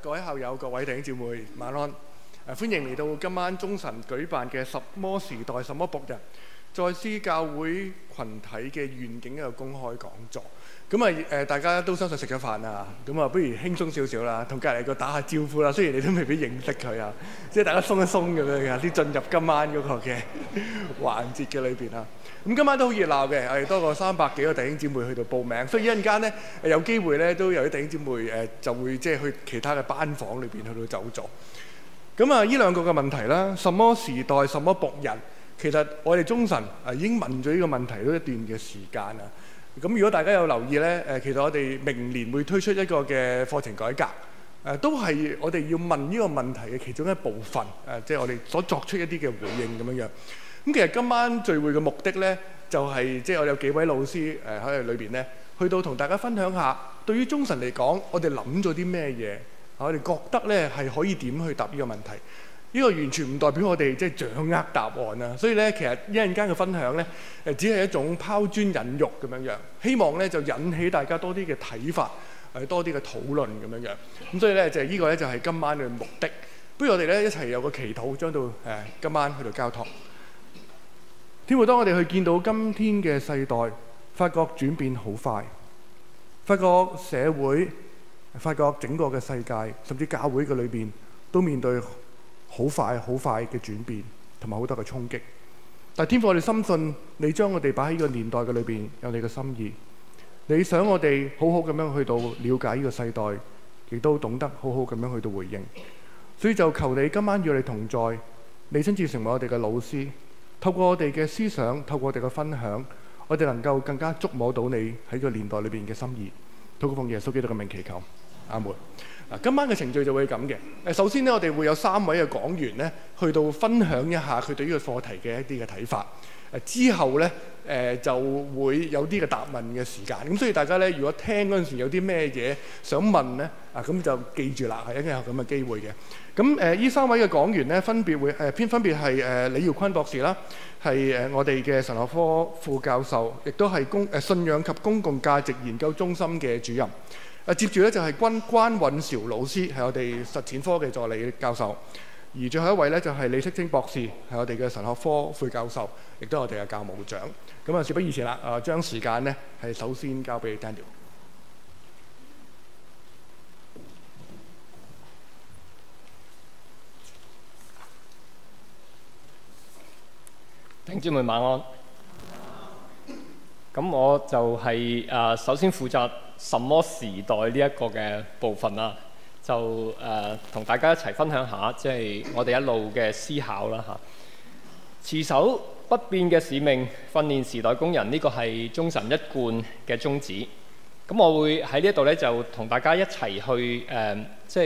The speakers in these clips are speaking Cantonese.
各位校友、各位弟兄姊妹，晚安！歡迎嚟到今晚中神舉辦嘅《什麼時代？什麼僕人》。再思教會羣體嘅願景喺度公開講座，咁啊誒，大家都相信食咗飯啊，咁啊，不如輕鬆少少啦，同隔籬個打下招呼啦。雖然你都未必認識佢啊，即係大家鬆一鬆咁樣嘅，先進入今晚嗰個嘅環節嘅裏邊啦。咁今晚都好熱鬧嘅，係多過三百幾個弟兄姊妹去到報名，所以一陣間咧有機會咧都有啲弟兄姊妹誒就會即係去其他嘅班房裏邊去到走咗。咁啊，呢兩個嘅問題啦，什麼時代，什麼僕人？其實我哋中神啊已經問咗呢個問題都一段嘅時間啦。咁如果大家有留意呢，誒其實我哋明年會推出一個嘅課程改革，都係我哋要問呢個問題嘅其中一部分，誒即係我哋所作出一啲嘅回應咁樣樣。咁其實今晚聚會嘅目的呢、就是，就係即係我哋有幾位老師誒喺度裏邊呢，去到同大家分享一下，對於中神嚟講，我哋諗咗啲咩嘢，我哋覺得呢係可以點去答呢個問題。呢個完全唔代表我哋即係掌握答案啊！所以咧，其實一陣間嘅分享咧，誒、呃、只係一種拋磚引玉咁樣樣，希望咧就引起大家多啲嘅睇法，誒、呃、多啲嘅討論咁樣樣。咁所以咧就係、是、呢個咧就係、是、今晚嘅目的。不如我哋咧一齊有個祈禱，將到誒、呃、今晚去到交託。天父，當我哋去見到今天嘅世代，發覺轉變好快，發覺社會，發覺整個嘅世界，甚至教會嘅裏邊都面對，好快、好快嘅轉變，同埋好多嘅衝擊。但係天父，我哋深信你將我哋擺喺呢個年代嘅裏面，有你嘅心意。你想我哋好好咁樣去到了解呢個世代，亦都懂得好好咁樣去到回應。所以就求你今晚與我哋同在，你親自成為我哋嘅老師。透過我哋嘅思想，透過我哋嘅分享，我哋能夠更加觸摸到你喺呢個年代裏面嘅心意。禱告奉耶穌基督嘅名祈求。阿梅嗱，今晚嘅程序就會咁嘅。誒，首先呢，我哋會有三位嘅講員咧，去到分享一下佢對呢個課題嘅一啲嘅睇法。誒之後咧，誒就會有啲嘅答問嘅時間。咁所以大家咧，如果聽嗰陣時有啲咩嘢想問咧，啊咁就記住啦，係一定有咁嘅機會嘅。咁誒，呢三位嘅講員咧，分別會誒偏分別係誒李耀坤博士啦，係誒我哋嘅神學科副教授，亦都係公誒信仰及公共價值研究中心嘅主任。啊，接住咧就係關關允潮老師，係我哋實踐科嘅助理教授，而最後一位咧就係李適清博士，係我哋嘅神學科副教授，亦都係我哋嘅教務長。咁啊，事不宜遲啦，啊，將時間咧係首先交俾 Daniel。聽眾們晚安。咁我就係、是、啊、呃，首先負責。什麼時代呢一個嘅部分啦、啊，就誒同、呃、大家一齊分享一下，即、就、係、是、我哋一路嘅思考啦吓，持守不變嘅使命，訓練時代工人，呢、這個係忠誠一貫嘅宗旨。咁我會喺呢一度咧，就同大家一齊去誒，即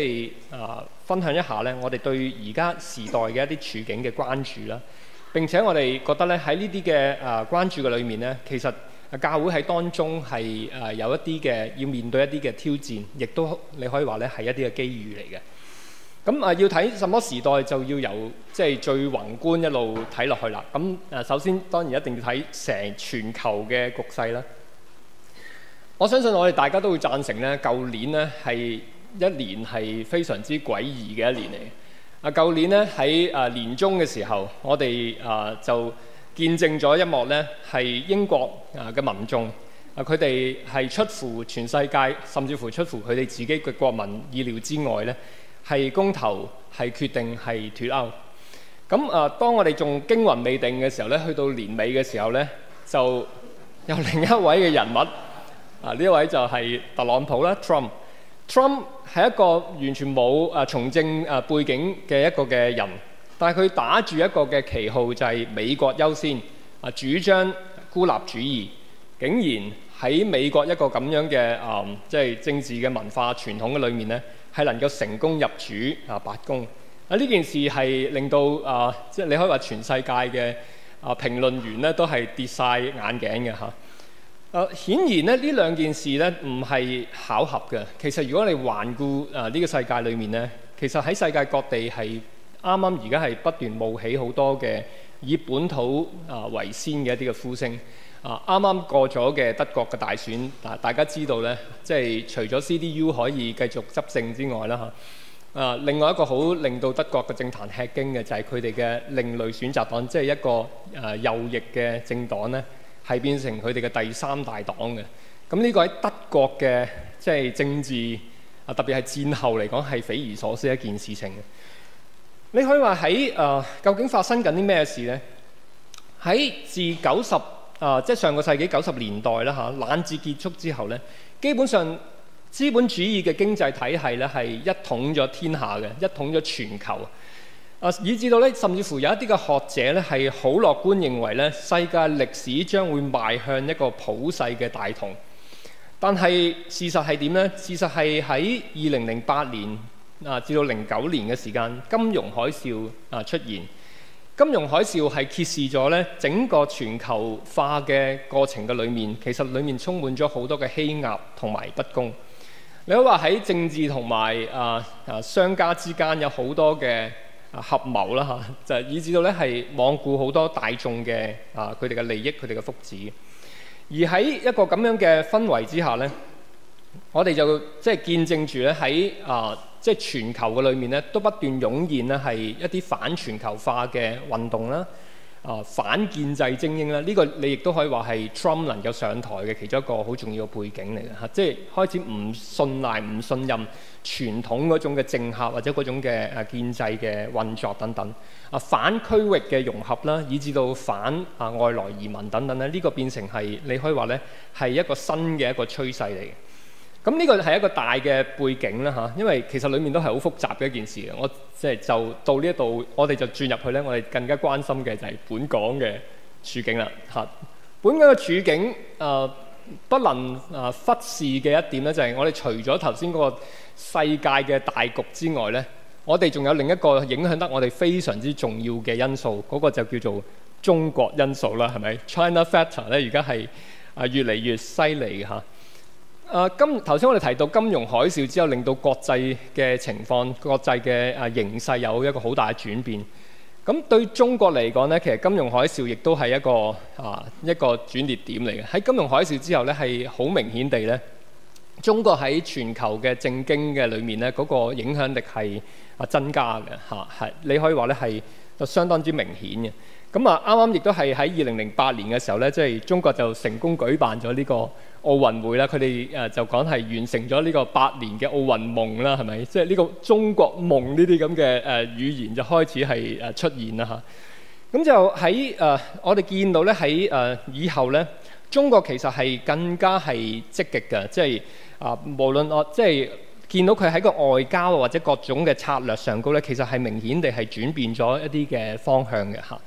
係啊分享一下咧，我哋對而家時代嘅一啲處境嘅關注啦。並且我哋覺得咧，喺呢啲嘅啊關注嘅裏面咧，其實。教會喺當中係誒有一啲嘅要面對一啲嘅挑戰，亦都你可以話咧係一啲嘅機遇嚟嘅。咁啊，要睇什麼時代就要由即係、就是、最宏觀一路睇落去啦。咁啊，首先當然一定要睇成全球嘅局勢啦。我相信我哋大家都會贊成咧，舊年咧係一年係非常之詭異嘅一年嚟嘅。啊，舊年咧喺誒年中嘅時候，我哋啊就～見證咗一幕咧，係英國啊嘅民眾啊，佢哋係出乎全世界，甚至乎出乎佢哋自己嘅國民意料之外咧，係公投係決定係脱歐。咁啊，當我哋仲驚魂未定嘅時候咧，去到年尾嘅時候咧，就有另一位嘅人物啊，呢一位就係特朗普啦，Trump。Trump 係一個完全冇啊從政啊背景嘅一個嘅人。但係佢打住一個嘅旗號，就係美國優先啊，主張孤立主義，竟然喺美國一個咁樣嘅誒、呃，即係政治嘅文化傳統嘅裏面呢，係能夠成功入主啊白宮啊。呢件事係令到啊，即、呃、係你可以話全世界嘅啊評論員咧都係跌晒眼鏡嘅嚇。啊，顯然咧呢兩件事呢唔係巧合嘅。其實如果你環顧啊呢個世界裏面呢，其實喺世界各地係。啱啱而家係不斷冒起好多嘅以本土啊為先嘅一啲嘅呼聲啊！啱啱過咗嘅德國嘅大選，嗱，大家知道咧，即係除咗 CDU 可以繼續執政之外啦嚇，啊，另外一個好令到德國嘅政壇吃驚嘅就係佢哋嘅另類選擇黨，即係一個誒右翼嘅政黨咧，係變成佢哋嘅第三大黨嘅。咁呢個喺德國嘅即係政治啊，特別係戰後嚟講係匪夷所思一件事情。你可以話喺誒究竟發生緊啲咩事呢？喺自九十誒即係上個世紀九十年代啦嚇、啊、冷戰結束之後呢，基本上資本主義嘅經濟體系咧係一統咗天下嘅，一統咗全球啊，以致到咧甚至乎有一啲嘅學者咧係好樂觀認為呢，世界歷史將會邁向一個普世嘅大同。但係事實係點呢？事實係喺二零零八年。啊！至到零九年嘅時間，金融海嘯啊出現。金融海嘯係揭示咗咧整個全球化嘅過程嘅裏面，其實裡面充滿咗好多嘅欺壓同埋不公。你可話喺政治同埋啊啊商家之間有好多嘅合謀啦嚇、啊，就以至到咧係罔顧好多大眾嘅啊佢哋嘅利益、佢哋嘅福祉。而喺一個咁樣嘅氛圍之下咧，我哋就即係、就是、見證住咧喺啊～即係全球嘅裏面咧，都不斷湧現咧係一啲反全球化嘅運動啦，啊、呃、反建制精英啦，呢個你亦都可以話係 Trump 能夠上台嘅其中一個好重要嘅背景嚟嘅嚇，即係開始唔信賴、唔信任傳統嗰種嘅政客或者嗰種嘅啊建制嘅運作等等，啊反區域嘅融合啦，以至到反啊外來移民等等咧，呢個變成係你可以話咧係一個新嘅一個趨勢嚟嘅。咁呢個係一個大嘅背景啦吓，因為其實裡面都係好複雜嘅一件事嘅。我即係就到呢一度，我哋就轉入去咧，我哋更加關心嘅就係本港嘅處境啦吓，本港嘅處境誒不能誒忽視嘅一點咧，就係我哋除咗頭先嗰個世界嘅大局之外咧，我哋仲有另一個影響得我哋非常之重要嘅因素，嗰個就叫做中國因素啦，係咪？China factor 咧，而家係啊越嚟越犀利嘅。誒，今頭先我哋提到金融海嘯之後，令到國際嘅情況、國際嘅誒形勢有一個好大嘅轉變。咁對中國嚟講呢，其實金融海嘯亦都係一個啊一個轉捩點嚟嘅。喺金融海嘯之後呢，係好明顯地呢，中國喺全球嘅政經嘅裡面呢，嗰個影響力係啊增加嘅嚇，係你可以話呢係就相當之明顯嘅。咁啊，啱啱亦都係喺二零零八年嘅時候呢，即係中國就成功舉辦咗呢個奧運會啦，佢哋誒就講係完成咗呢個八年嘅奧運夢啦，係咪？即係呢個中國夢呢啲咁嘅誒語言就開始係誒出現啦吓，咁就喺誒我哋見到咧，喺誒以後咧，中國其實係更加係積極嘅，即係啊無論我即係見到佢喺個外交或者各種嘅策略上高咧，其實係明顯地係轉變咗一啲嘅方向嘅吓，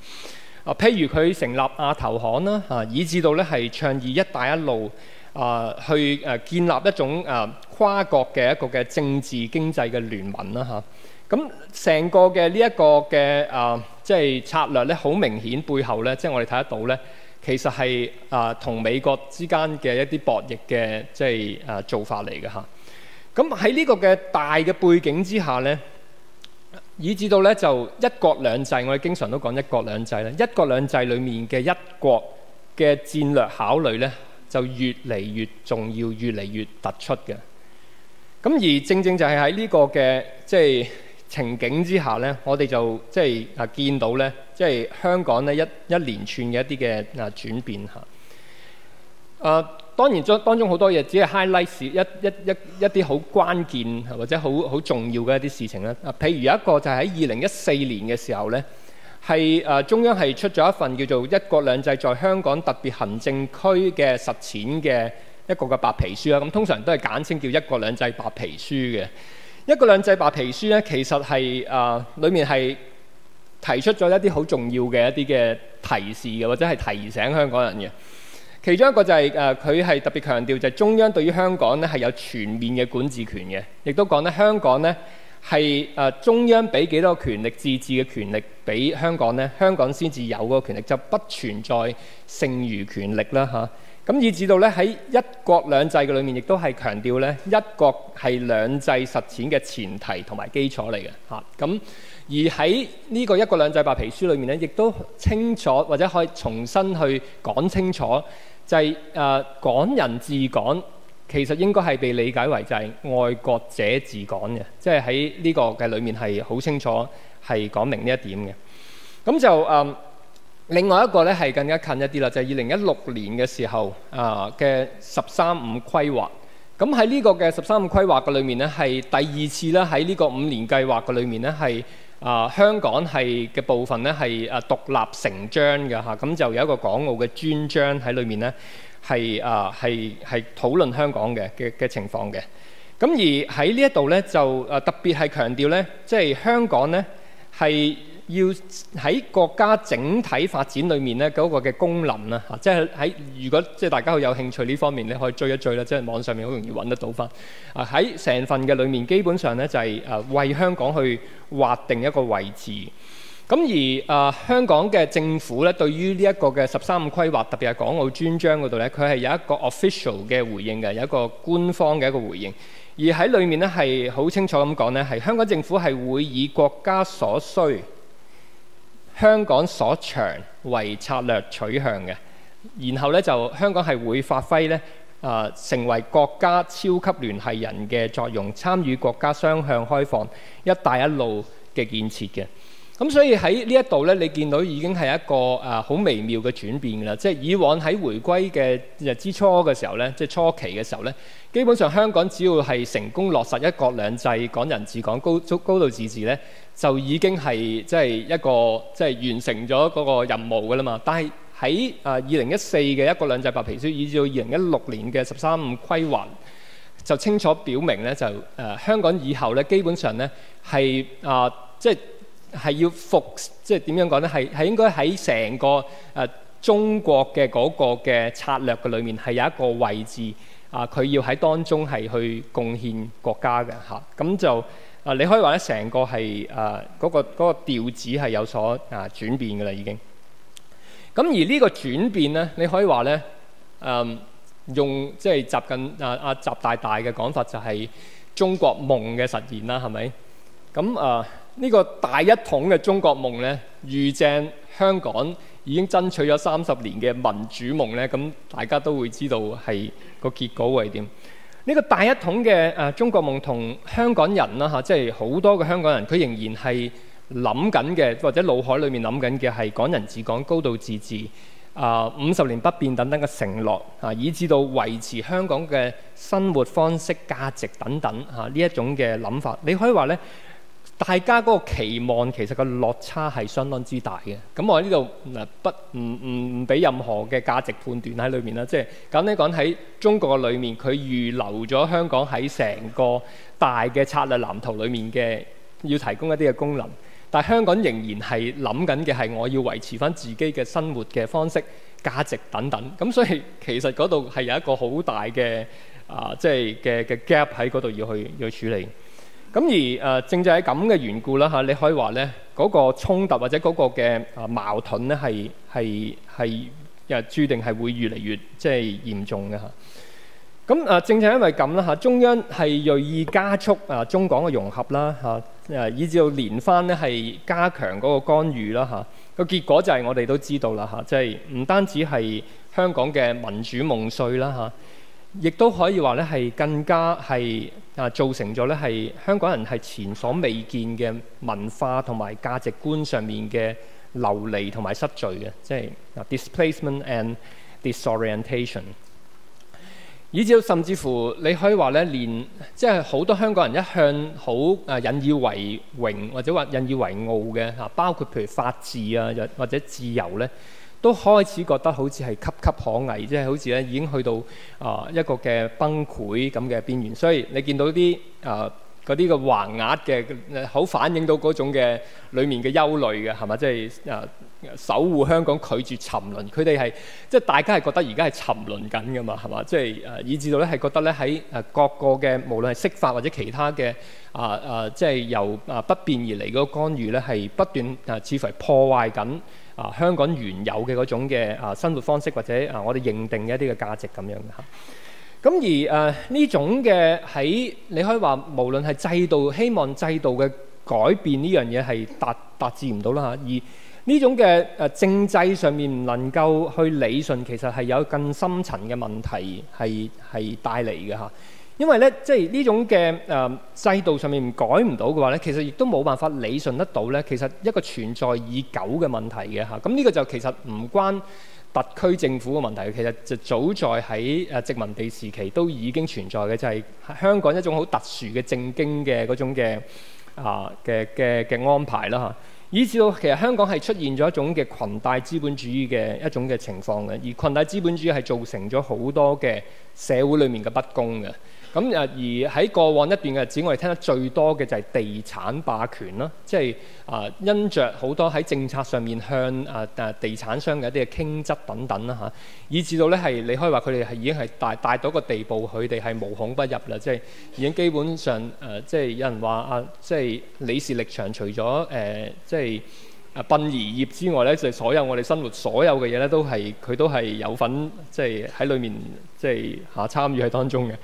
啊，譬如佢成立亞投行啦嚇，以至到咧係倡議一帶一路。啊、呃，去誒建立一種誒、呃、跨國嘅一個嘅政治經濟嘅聯盟啦嚇。咁、啊、成個嘅呢一個嘅誒，即、啊、係、就是、策略咧，好明顯背後咧，即、就、係、是、我哋睇得到咧，其實係啊同美國之間嘅一啲博弈嘅即係誒做法嚟嘅嚇。咁喺呢個嘅大嘅背景之下咧，以至到咧就一國兩制，我哋經常都講一國兩制咧。一國兩制裡面嘅一國嘅戰略考慮咧。就越嚟越重要，越嚟越突出嘅。咁而正正就係喺呢個嘅即係情景之下呢，我哋就即係啊見到呢，即係香港呢，一一連串嘅一啲嘅啊轉變嚇。啊，當然當中好多嘢只係 highlight 一一一啲好關鍵或者好好重要嘅一啲事情啦。啊，譬如有一個就係喺二零一四年嘅時候呢。係、呃、中央係出咗一份叫做《一國兩制在香港特別行政區嘅實踐》嘅一個嘅白皮書啦。咁通常都係簡稱叫一《一國兩制白皮書》嘅。《一國兩制白皮書》咧，其實係誒、呃、裡面係提出咗一啲好重要嘅一啲嘅提示嘅，或者係提醒香港人嘅。其中一個就係誒佢係特別強調就係中央對於香港咧係有全面嘅管治權嘅，亦都講咧香港咧。係誒、呃、中央俾幾多權力自治嘅權力俾香港呢？香港先至有嗰個權力，就不存在剩餘權力啦嚇。咁以至到咧喺一國兩制嘅裏面，亦都係強調咧，一國係兩制實踐嘅前提同埋基礎嚟嘅嚇。咁而喺呢個一國兩制白皮書裏面咧，亦都清楚或者可以重新去講清楚，就係、是、誒、呃、港人治港。其實應該係被理解為就係愛國者治港嘅，即係喺呢個嘅裏面係好清楚係講明呢一點嘅。咁就誒、呃，另外一個咧係更加近一啲啦，就係二零一六年嘅時候啊嘅、呃、十三五規劃。咁喺呢個嘅十三五規劃嘅裏面咧，係第二次咧喺呢個五年計劃嘅裏面咧，係啊、呃、香港係嘅部分咧係啊獨立成章嘅嚇。咁就有一個港澳嘅專章喺裏面咧。係啊，係係討論香港嘅嘅嘅情況嘅。咁而喺呢一度呢，就誒特別係強調呢，即係香港呢，係要喺國家整體發展裏面呢嗰個嘅功能啊，即係喺如果即係大家好有興趣呢方面你可以追一追啦，即係網上面好容易揾得到翻。啊，喺成份嘅裏面，基本上呢，就係誒為香港去劃定一個位置。咁而、呃、香港嘅政府咧，對於呢一個嘅十三五規劃，特別係港澳專章嗰度咧，佢係有一個 official 嘅回應嘅，有一個官方嘅一個回應，而喺裏面咧，係好清楚咁講咧，係香港政府係會以國家所需、香港所長為策略取向嘅，然後咧就香港係會發揮咧、呃、成為國家超級聯繫人嘅作用，參與國家雙向開放、一帶一路嘅建設嘅。咁所以喺呢一度咧，你見到已經係一個啊好微妙嘅轉變啦。即係以往喺回歸嘅日之初嘅時候咧，即係初期嘅時候咧，基本上香港只要係成功落實一國兩制、港人治港、高高度自治咧，就已經係即係一個即係完成咗嗰個任務噶啦嘛。但係喺啊二零一四嘅一國兩制白皮書，以至到二零一六年嘅十三五規劃，就清楚表明咧，就誒、呃、香港以後咧，基本上咧係啊即係。係要服，即係點樣講呢？係係應該喺成個、呃、中國嘅嗰個嘅策略嘅裏面係有一個位置、呃、啊！佢要喺當中係去貢獻國家嘅嚇。咁就啊、呃，你可以話咧，成個係誒嗰個嗰個調、那個、子係有所啊轉變嘅啦，已經。咁而呢個轉變呢，你可以話呢，呃、用即係習近啊啊習大大嘅講法就係中國夢嘅實現啦，係咪？咁啊。呃呢個大一統嘅中國夢呢，預正香港已經爭取咗三十年嘅民主夢呢。咁大家都會知道係、這個結果會係點。呢、這個大一統嘅、呃、中國夢同香港人啦，即係好多嘅香港人，佢、啊、仍然係諗緊嘅，或者腦海裏面諗緊嘅係港人治港、高度自治、啊五十年不變等等嘅承諾啊，以至到維持香港嘅生活方式、價值等等嚇呢、啊、一種嘅諗法。你可以話呢。大家嗰個期望其實個落差係相當之大嘅。咁我喺呢度嗱不唔唔唔俾任何嘅價值判斷喺裏面啦，即係簡單講喺中國嘅裏面，佢預留咗香港喺成個大嘅策略藍圖裏面嘅要提供一啲嘅功能，但係香港仍然係諗緊嘅係我要維持返自己嘅生活嘅方式、價值等等，咁所以其實嗰度係有一個好大嘅啊，即係嘅嘅 gap 喺嗰度要去要去處理。咁而誒正正係咁嘅緣故啦，你可以話咧，嗰個衝突或者嗰個嘅矛盾咧，係係係誒註定係會越嚟越即係、就是、嚴重嘅咁誒，正正因為咁啦，中央係鋭意加速中港嘅融合啦，以至到連番咧係加強嗰個干預啦嚇。個結果就係我哋都知道啦，即係唔單止係香港嘅民主夢碎啦亦都可以話咧，係更加係啊，造成咗咧係香港人係前所未見嘅文化同埋價值觀上面嘅流離同埋失序嘅，即係 displacement and disorientation。以至甚至乎你可以話咧，連即係好多香港人一向好啊引以為榮或者話引以為傲嘅嚇，包括譬如法治啊，或者自由咧。都開始覺得好似係岌岌可危，即係好似咧已經去到啊一個嘅崩潰咁嘅邊緣。所以你見到啲啊嗰啲嘅橫額嘅，好反映到嗰種嘅裡面嘅憂慮嘅，係嘛？即係啊，守護香港拒絕沉淪。佢哋係即係大家係覺得而家係沉淪緊嘅嘛，係嘛？即係以至到咧係覺得咧喺啊各個嘅無論係釋法或者其他嘅啊啊，即係由啊不變而嚟嗰個干預咧，係不斷啊似乎係破壞緊。啊！香港原有嘅嗰種嘅啊生活方式，或者啊我哋認定嘅一啲嘅價值咁樣嘅咁、啊、而誒呢、啊、種嘅喺你可以話，無論係制度希望制度嘅改變呢樣嘢係達達致唔到啦嚇。而呢種嘅誒、啊、政制上面唔能夠去理順，其實係有更深層嘅問題係係帶嚟嘅嚇。啊。因為咧，即係呢種嘅、呃、制度上面改唔到嘅話咧，其實亦都冇辦法理順得到咧。其實一個存在已久嘅問題嘅，咁呢個就其實唔關特區政府嘅問題，其實就早在喺誒殖民地時期都已經存在嘅，就係、是、香港一種好特殊嘅政經嘅嗰種嘅啊嘅嘅嘅安排啦嚇、啊。以至到其實香港係出現咗一種嘅裙帶資本主義嘅一種嘅情況嘅，而裙帶資本主義係造成咗好多嘅社會裏面嘅不公嘅。咁誒、嗯、而喺過往一段嘅日子，只要我哋聽得最多嘅就係地產霸權啦，即係啊，因着好多喺政策上面向啊啊、呃、地產商嘅一啲嘅傾側等等啦嚇、啊，以至到咧係你可以話佢哋係已經係大大到一個地步，佢哋係無孔不入啦，即、就、係、是、已經基本上誒，即、呃、係、就是、有人話啊，即係李氏力場除，除咗誒即係啊殯儀業之外咧，就是、所有我哋生活所有嘅嘢咧，都係佢都係有份即係喺裡面即係嚇參與喺當中嘅。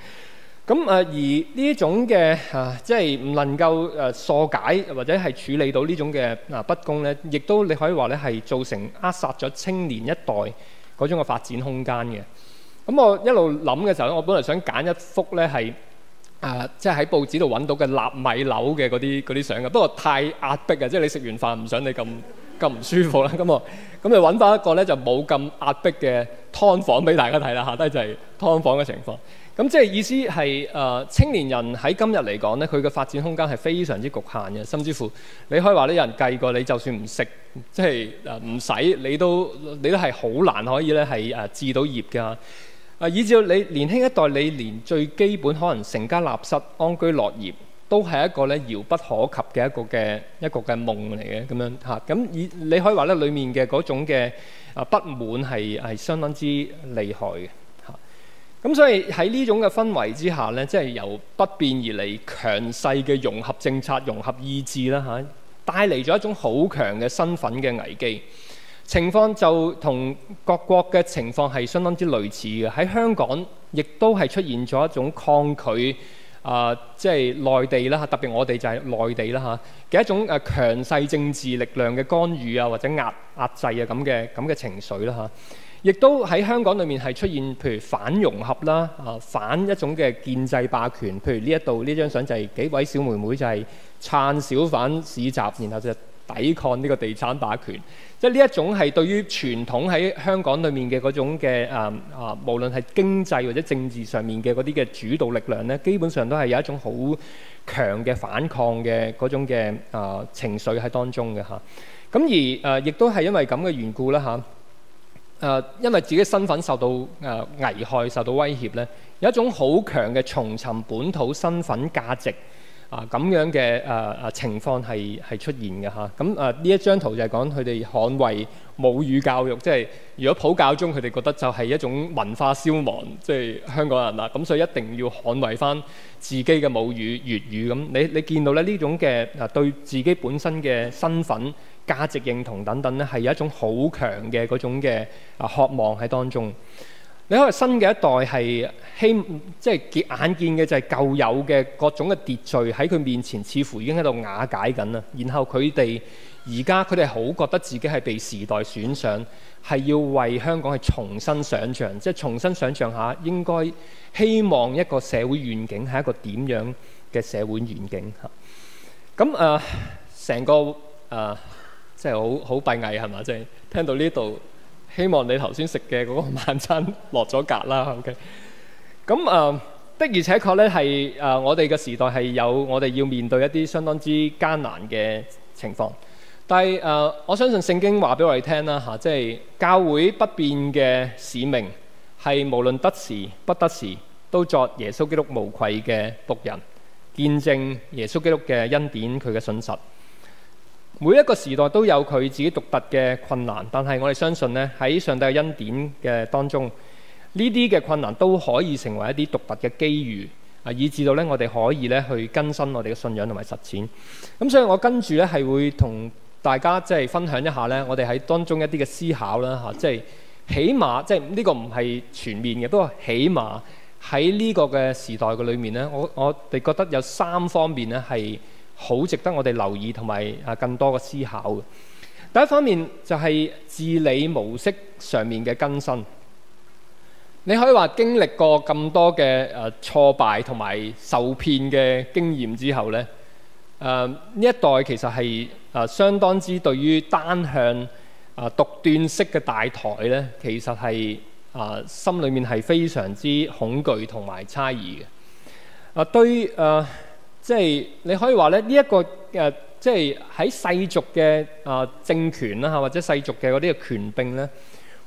咁而呢種嘅啊，即係唔能夠誒疏解或者係處理到呢種嘅啊不公咧，亦都你可以話咧係造成扼殺咗青年一代嗰種嘅發展空間嘅。咁我一路諗嘅時候咧，我本來想揀一幅咧係啊，即係喺報紙度揾到嘅納米樓嘅嗰啲嗰啲相嘅，不過太壓迫嘅，即係你食完飯唔想你咁咁唔舒服啦。咁我咁就揾翻一個咧就冇咁壓迫嘅劏房俾大家睇啦，下低就係劏房嘅情況。咁即係意思係，誒、呃、青年人喺今日嚟講咧，佢嘅發展空間係非常之局限嘅，甚至乎你可以話咧，有人計過，你就算唔食，即係誒唔使，你都你都係好難可以咧係誒置到業嘅。誒、啊、以至到你年輕一代，你連最基本可能成家立室、安居樂業，都係一個咧遙不可及嘅一個嘅一個嘅夢嚟嘅咁樣嚇。咁、啊、以你可以話咧，裡面嘅嗰種嘅誒、啊、不滿係係相當之厲害嘅。咁所以喺呢種嘅氛圍之下咧，即係由北邊而嚟強勢嘅融合政策、融合意志啦吓，帶嚟咗一種好強嘅身份嘅危機。情況就同各國嘅情況係相當之類似嘅。喺香港，亦都係出現咗一種抗拒啊，即係內地啦，吓，特別我哋就係內地啦吓嘅一種誒強勢政治力量嘅干預啊，或者壓壓制啊咁嘅咁嘅情緒啦吓。亦都喺香港裏面係出現，譬如反融合啦，啊反一種嘅建制霸權，譬如呢一度呢張相就係幾位小妹妹就係撐小販市集，然後就抵抗呢個地產霸權。即係呢一種係對於傳統喺香港裏面嘅嗰種嘅啊啊，無論係經濟或者政治上面嘅嗰啲嘅主導力量咧，基本上都係有一種好強嘅反抗嘅嗰種嘅啊情緒喺當中嘅嚇。咁、啊、而誒，亦、啊、都係因為咁嘅緣故啦嚇。啊誒、呃，因為自己的身份受到誒、呃、危害，受到威脅咧，有一種好強嘅重尋本土身份價值。啊，咁樣嘅誒誒情況係係出現嘅嚇，咁誒呢一張圖就係講佢哋捍衛母語教育，即係如果普教中佢哋覺得就係一種文化消亡，即係香港人啦，咁所以一定要捍衛翻自己嘅母語粵語咁。你你見到咧呢這種嘅誒對自己本身嘅身份、價值認同等等咧，係有一種好強嘅嗰種嘅啊渴望喺當中。你因為新嘅一代係希即係見眼見嘅就係舊有嘅各種嘅秩序喺佢面前似乎已經喺度瓦解緊啦，然後佢哋而家佢哋好覺得自己係被時代選上，係要為香港係重新想像，即係重新想像下應該希望一個社會願景係一個點樣嘅社會願景嚇。咁誒，成個誒即係好好閉翳係嘛？即係聽到呢度。希望你頭先食嘅嗰個晚餐落咗格啦，OK。咁的而且確呢係誒我哋嘅時代係有我哋要面對一啲相當之艱難嘅情況，但係誒、呃、我相信聖經話俾我哋聽啦嚇，即係教會不變嘅使命係無論得時不得時，都作耶穌基督無愧嘅僕人，見證耶穌基督嘅恩典，佢嘅信實。每一個時代都有佢自己獨特嘅困難，但係我哋相信呢，喺上帝嘅恩典嘅當中，呢啲嘅困難都可以成為一啲獨特嘅機遇，啊，以至到呢，我哋可以呢去更新我哋嘅信仰同埋實踐。咁，嗯，所以，我跟住呢，係會同大家即係分享一下呢，我哋喺當中一啲嘅思考啦嚇，啊，即係起碼即係呢個唔係全面嘅，不過起碼喺呢個嘅時代嘅裏面呢，我我哋覺得有三方面呢係是好值得我哋留意同埋啊更多嘅思考。第一方面就係治理模式上面嘅更新。你可以話，經歷過咁多嘅誒挫敗同埋受騙嘅經驗之後呢、呃，誒呢一代其實係誒相當之對於單向啊獨斷式嘅大台呢，其實係啊、呃、心裏面係非常之恐懼同埋猜疑嘅。啊對誒。即係你可以話咧，呢一個誒，即係喺世俗嘅啊政權啦嚇或者世俗嘅嗰啲嘅權柄咧，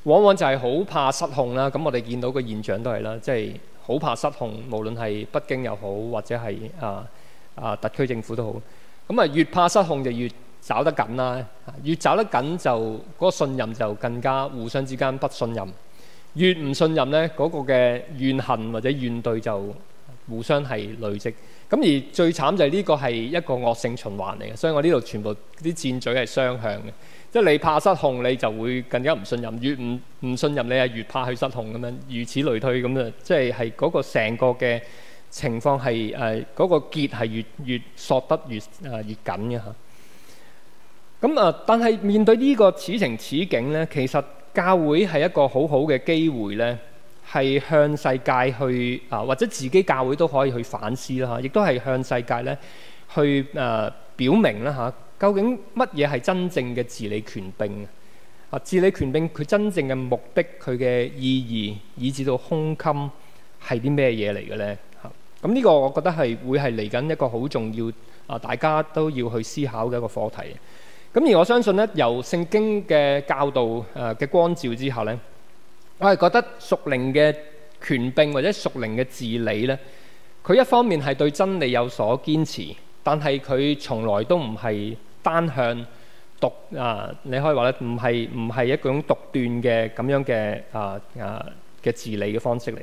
往往就係好怕失控啦。咁我哋見到個現象都係啦，即係好怕失控，無論係北京又好，或者係啊啊特區政府都好。咁啊，越怕失控就越抓得緊啦，越抓得緊就嗰個信任就更加互相之間不信任。越唔信任咧，嗰個嘅怨恨或者怨對就互相係累積。咁而最慘就係呢個係一個惡性循環嚟嘅，所以我呢度全部啲箭嘴係雙向嘅，即係你怕失控，你就會更加唔信任；越唔唔信任你，係越怕去失控咁樣，如此類推咁啊，即係係嗰個成個嘅情況係誒嗰個結係越越索得越誒越緊嘅嚇。咁啊，但係面對呢個此情此景咧，其實教會係一個好好嘅機會咧。係向世界去啊，或者自己教會都可以去反思啦嚇，亦都係向世界咧去誒、呃、表明啦嚇、啊，究竟乜嘢係真正嘅治理權柄啊？治理權柄佢真正嘅目的、佢嘅意義，以至到胸襟係啲咩嘢嚟嘅咧？嚇、啊，咁、這、呢個我覺得係會係嚟緊一個好重要啊，大家都要去思考嘅一個課題。咁、啊、而我相信咧，由聖經嘅教導誒嘅、啊、光照之下咧。我係覺得屬靈嘅權柄或者屬靈嘅治理呢，佢一方面係對真理有所堅持，但係佢從來都唔係單向獨啊！你可以話咧，唔係唔係一種獨斷嘅咁樣嘅啊啊嘅治理嘅方式嚟。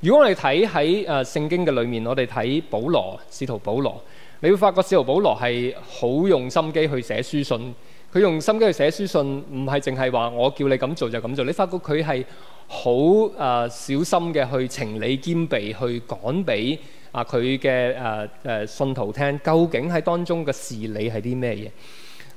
如果我哋睇喺誒聖經嘅裏面，我哋睇保羅、使徒保羅，你會發覺使徒保羅係好用心機去寫書信。佢用心機去寫書信，唔係淨係話我叫你咁做就咁做。你發覺佢係好誒小心嘅，去情理兼備去講俾啊佢嘅誒誒信徒聽，究竟喺當中嘅事理係啲咩嘢？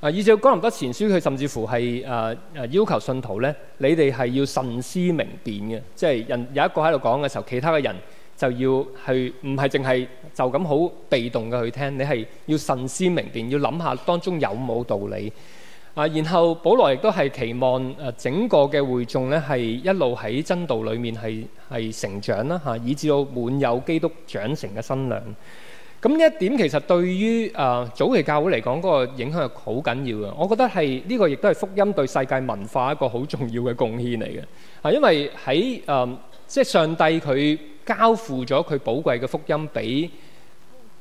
啊，依照《哥林多前書》，佢甚至乎係誒誒要求信徒咧，你哋係要慎思明辨嘅，即係人有一個喺度講嘅時候，其他嘅人就要係唔係淨係就咁好被動嘅去聽？你係要慎思明辨，要諗下當中有冇道理。啊，然後保羅亦都係期望誒整個嘅會眾咧，係一路喺真道裏面係係成長啦嚇，以至到滿有基督長成嘅身量。咁呢一點其實對於誒早期教會嚟講，嗰個影響係好緊要嘅。我覺得係呢個亦都係福音對世界文化一個好重要嘅貢獻嚟嘅。啊，因為喺誒即係上帝佢交付咗佢寶貴嘅福音俾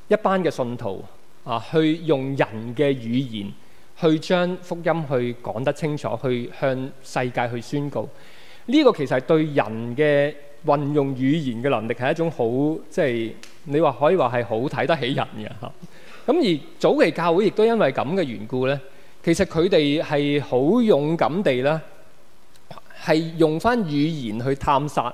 一班嘅信徒啊，去用人嘅語言。去將福音去講得清楚，去向世界去宣告。呢、這個其實係對人嘅運用語言嘅能力係一種好，即、就、係、是、你話可以話係好睇得起人嘅嚇。咁、嗯、而早期教會亦都因為咁嘅緣故咧，其實佢哋係好勇敢地啦，係用翻語言去探索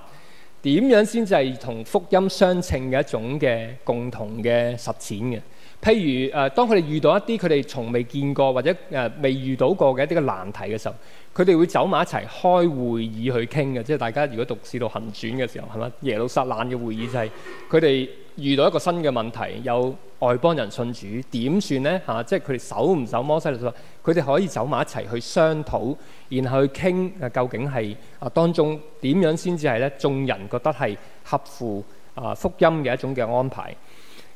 點樣先至係同福音相稱嘅一種嘅共同嘅實踐嘅。譬如誒、呃，當佢哋遇到一啲佢哋從未見過或者誒未、呃、遇到過嘅一啲嘅難題嘅時候，佢哋會走埋一齊開會議去傾嘅，即係大家如果讀《使徒行傳》嘅時候，係嘛，耶路撒冷嘅會議就係佢哋遇到一個新嘅問題，有外邦人信主點算呢？嚇、啊？即係佢哋守唔守摩西律法？佢哋可以走埋一齊去商討，然後去傾誒究竟係啊當中點樣先至係咧？眾人覺得係合乎啊、呃、福音嘅一種嘅安排。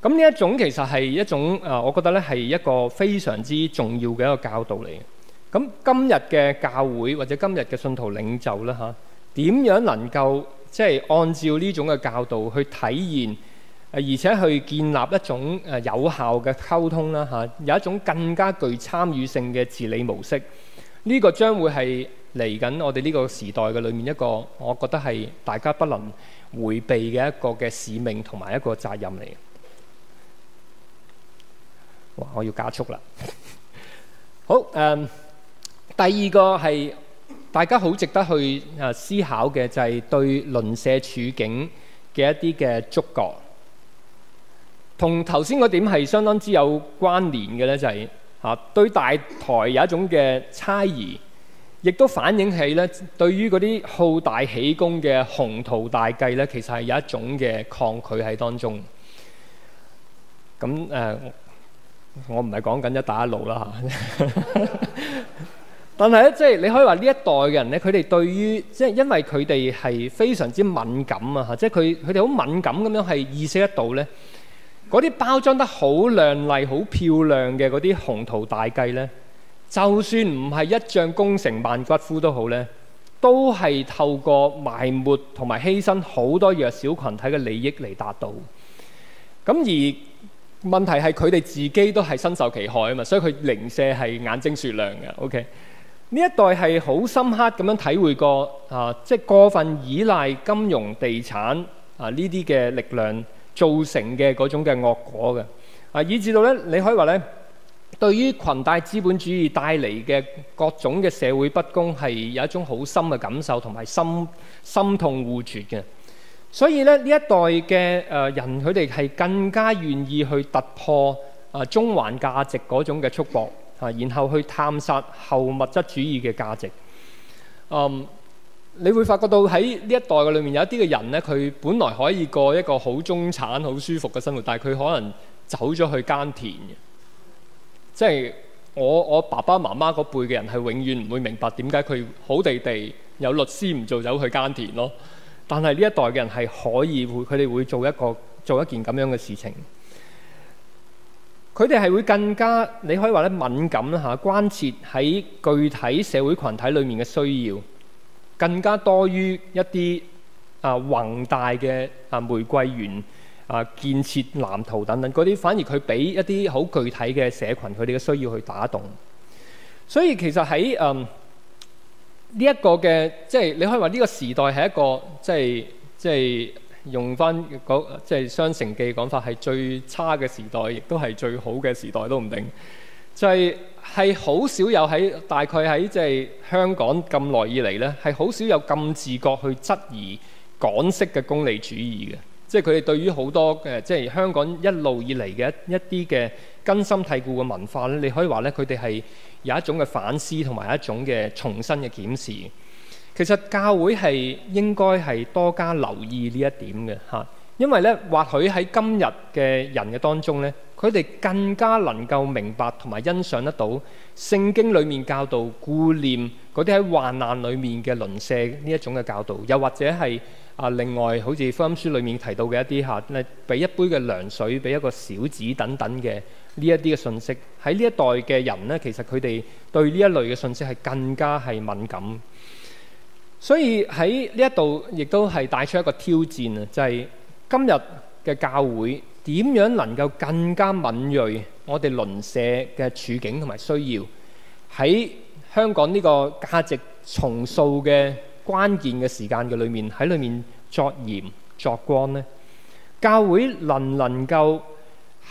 咁呢一種其實係一種啊，我覺得咧係一個非常之重要嘅一個教導嚟嘅。咁今日嘅教會或者今日嘅信徒領袖呢，點樣能夠即係、就是、按照呢種嘅教導去體現，而且去建立一種有效嘅溝通啦，有一種更加具參與性嘅治理模式，呢、這個將會係嚟緊我哋呢個時代嘅裏面一個，我覺得係大家不能迴避嘅一個嘅使命同埋一個責任嚟。哇！我要加速啦。 好誒、嗯，第二個係大家好值得去誒、啊、思考嘅，就係、是、對鄰舍處境嘅一啲嘅觸覺，同頭先嗰點係相當之有關聯嘅呢，就係、是、嚇、啊、對大台有一種嘅猜疑，亦都反映起呢對於嗰啲好大喜功嘅宏圖大計呢，其實係有一種嘅抗拒喺當中。咁、嗯、誒。嗯我唔係講緊一帶一路啦嚇， 但係咧，即係你可以話呢一代嘅人咧，佢哋對於即係、就是、因為佢哋係非常之敏感啊嚇，即係佢佢哋好敏感咁樣係意識得到咧，嗰啲包裝得好亮麗、好漂亮嘅嗰啲鴻圖大計咧，就算唔係一仗功成萬骨枯都好咧，都係透過埋沒同埋犧牲好多弱小群體嘅利益嚟達到的。咁而問題係佢哋自己都係身受其害啊嘛，所以佢零舍係眼睛雪亮嘅。OK，呢一代係好深刻咁樣體會過啊，即係過分依賴金融、地產啊呢啲嘅力量造成嘅嗰種嘅惡果嘅啊，以至到咧，你可以話咧，對於裙帶資本主義帶嚟嘅各種嘅社會不公係有一種好深嘅感受同埋心心痛互絕嘅。所以咧，呢一代嘅人，佢哋係更加願意去突破中環價值嗰種嘅束縛，啊，然後去探索後物質主義嘅價值。嗯，你會發覺到喺呢一代嘅裏面，有一啲嘅人咧，佢本來可以過一個好中產、好舒服嘅生活，但係佢可能走咗去耕田嘅。即係我我爸爸媽媽嗰輩嘅人係永遠唔會明白點解佢好地地有律師唔做走去耕田咯。但係呢一代嘅人係可以會，佢哋會做一個做一件咁樣嘅事情。佢哋係會更加，你可以話咧敏感啦吓，關切喺具體社會群體裡面嘅需要，更加多於一啲啊宏大嘅啊玫瑰園啊建設藍圖等等嗰啲，反而佢俾一啲好具體嘅社群，佢哋嘅需要去打動。所以其實喺嗯。呢一個嘅，即係你可以話呢個時代係一個即係即係用翻即係《雙城記》講法，係最差嘅時代，亦都係最好嘅時代都唔定。就係係好少有喺大概喺即係香港咁耐以嚟呢，係好少有咁自覺去質疑港式嘅功利主義嘅。即係佢哋對於好多誒，即係香港一路以嚟嘅一一啲嘅根深蒂固嘅文化咧，你可以話咧，佢哋係有一種嘅反思同埋一種嘅重新嘅檢視。其實教會係應該係多加留意呢一點嘅嚇，因為咧，或許喺今日嘅人嘅當中咧，佢哋更加能夠明白同埋欣賞得到聖經裡面教導顧念嗰啲喺患難裡面嘅鄰舍呢一種嘅教導，又或者係。啊！另外，好似福音書裡面提到嘅一啲嚇俾一杯嘅涼水，俾一個小子等等嘅呢一啲嘅信息，喺呢一代嘅人呢，其實佢哋對呢一類嘅信息係更加係敏感的。所以喺呢一度亦都係帶出一個挑戰啊，就係、是、今日嘅教會點樣能夠更加敏銳我哋鄰舍嘅處境同埋需要，喺香港呢個價值重塑嘅。關鍵嘅時間嘅裏面，喺裏面作鹽作光呢，教會能唔能夠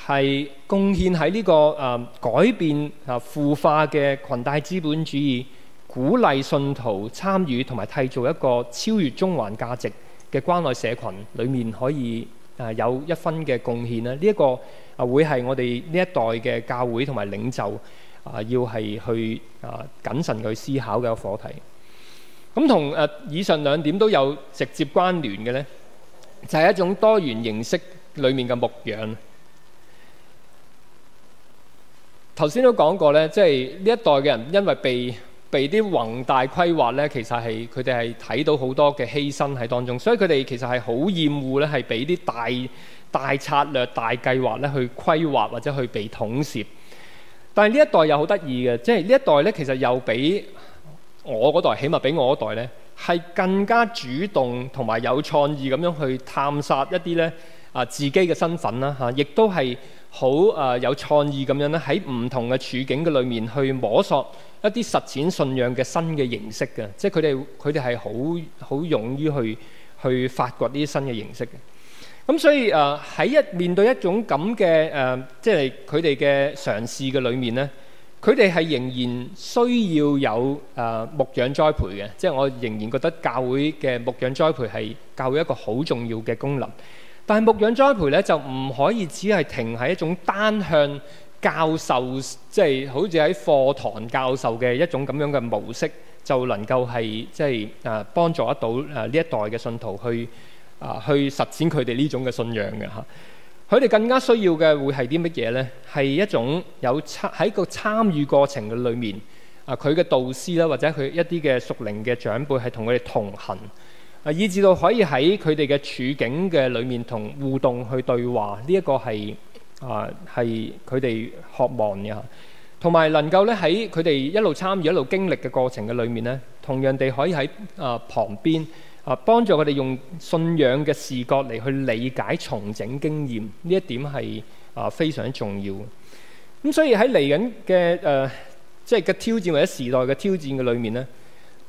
係貢獻喺呢個誒、呃、改變啊、呃、腐化嘅裙帶資本主義，鼓勵信徒參與同埋締造一個超越中環價值嘅關愛社群裏面，可以誒、呃、有一分嘅貢獻咧。呢、這、一個啊、呃、會係我哋呢一代嘅教會同埋領袖啊、呃，要係去啊、呃、謹慎去思考嘅一個課題。咁同、啊、以上兩點都有直接關聯嘅呢，就係、是、一種多元形式裏面嘅牧養。頭先都講過呢，即係呢一代嘅人因為被被啲宏大規劃呢，其實係佢哋係睇到好多嘅犧牲喺當中，所以佢哋其實係好厭惡呢係俾啲大大策略、大計劃呢去規劃或者去被統攝。但係呢一代又好得意嘅，即係呢一代呢，其實又俾。我嗰代起碼俾我嗰代咧，係更加主動同埋有創意咁樣去探索一啲咧啊自己嘅身份啦嚇，亦、啊、都係好啊有創意咁樣咧喺唔同嘅處境嘅裏面去摸索一啲實踐信仰嘅新嘅形式嘅，即係佢哋佢哋係好好勇於去去發掘呢啲新嘅形式嘅。咁所以啊喺一面對一種咁嘅誒，即係佢哋嘅嘗試嘅裏面咧。佢哋係仍然需要有誒牧養栽培嘅，即係我仍然覺得教會嘅牧養栽培係教會一個好重要嘅功能。但係牧養栽培咧就唔可以只係停喺一種單向教授，即係好似喺課堂教授嘅一種咁樣嘅模式，就能夠係即係誒幫助得到誒呢一代嘅信徒去啊去實踐佢哋呢種嘅信仰嘅嚇。佢哋更加需要嘅會係啲乜嘢呢？係一種有參喺個參與過程嘅裏面啊，佢嘅導師啦，或者佢一啲嘅熟齡嘅長輩係同佢哋同行啊，以至到可以喺佢哋嘅處境嘅裏面同互動去對話，呢一個係啊係佢哋渴望嘅，同埋能夠咧喺佢哋一路參與一路經歷嘅過程嘅裏面呢，同樣地可以喺啊旁邊。啊，幫助佢哋用信仰嘅視角嚟去理解重整經驗，呢一點係啊非常之重要嘅。咁所以喺嚟緊嘅誒，即係嘅挑戰或者時代嘅挑戰嘅裏面咧，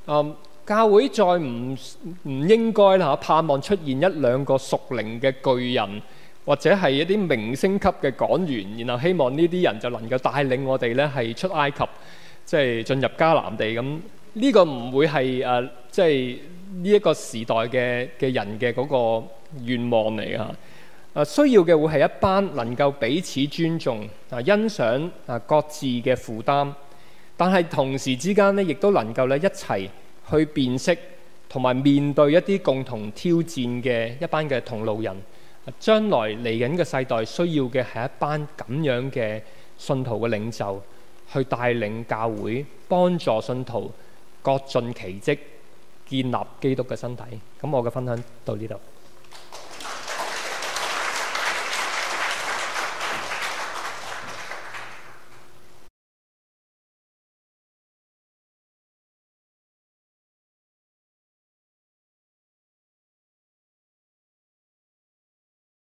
嗯，教會再唔唔應該啦嚇，盼望出現一兩個屬靈嘅巨人，或者係一啲明星級嘅講員，然後希望呢啲人就能夠帶領我哋咧係出埃及，即係進入迦南地咁。呢個唔會係誒，即係。呢一個時代嘅嘅人嘅嗰個願望嚟啊！啊，需要嘅會係一班能夠彼此尊重啊、欣賞啊、各自嘅負擔，但係同時之間呢，亦都能夠咧一齊去辨識同埋面對一啲共同挑戰嘅一班嘅同路人。啊，將來嚟緊嘅世代需要嘅係一班咁樣嘅信徒嘅領袖，去帶領教會，幫助信徒各盡其職。建立基督嘅身體，咁我嘅分享到呢度。